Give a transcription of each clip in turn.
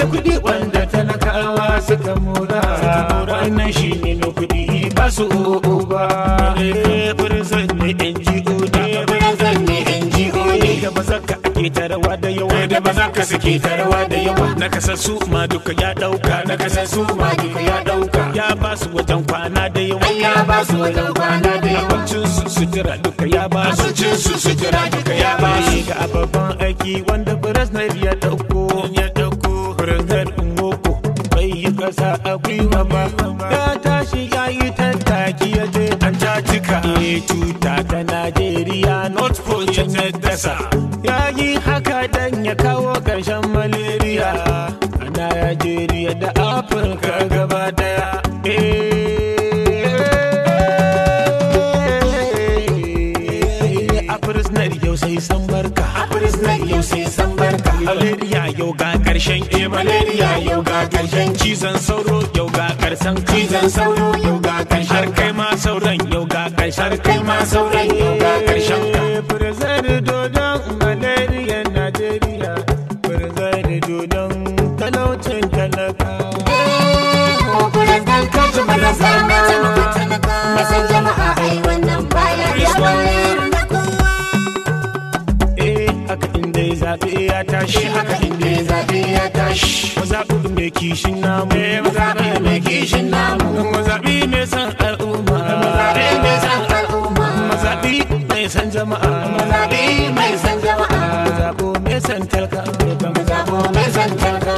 da kuɗi wanda talakawa suka mura wannan shi ne na kuɗi ba su o'o ba burzan ne ngo ne ne ngo ne da ba zaka ake tarawa da yawa da ba ka suke tarawa da yawa na kasassu ma duka ya dauka na kasassu ma duka ya dauka ya ba su wajen kwana da yawa ya ba su wajen kwana da yawa abincin su sutura duka ya ba su abincin su sutura duka ya ba su ga ababen aiki wanda buras na ya dauka ƙasa a gwiwa ya tashi ya yi tattaki ya je an cika e tuta ta najeriya north pole ya dasa ya yi haka dan ya kawo ƙarshen malaria a najeriya da afirka gaba daya eh nan yau sai san barka malaria yau ga karshen eh malaria yau ga karshen cizon sauro yau ga karshen cizon sauro yau ga karshen har kai ma sauran yau ga karshen har kai ma sauran yau ga karshen ya tashi haka inda zaɓe ya tashi mu zaɓi mai kishin namu eh mu zaɓi mai kishin namu mu zaɓi mai san al'umma mu zaɓi mai san al'umma mu zaɓi mai san jama'a mu zaɓi mai san jama'a mu zaɓo mai san talka mu zaɓo mai san talka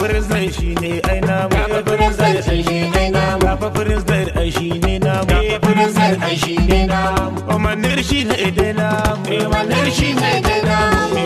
firizdan shi ne ai namu gafa firizdan shi ne namu gafa firizdan ai shi ne namu gafa firizdan ai shi ne namu umarnir shi ne dai namu umarnir shi ne dai namu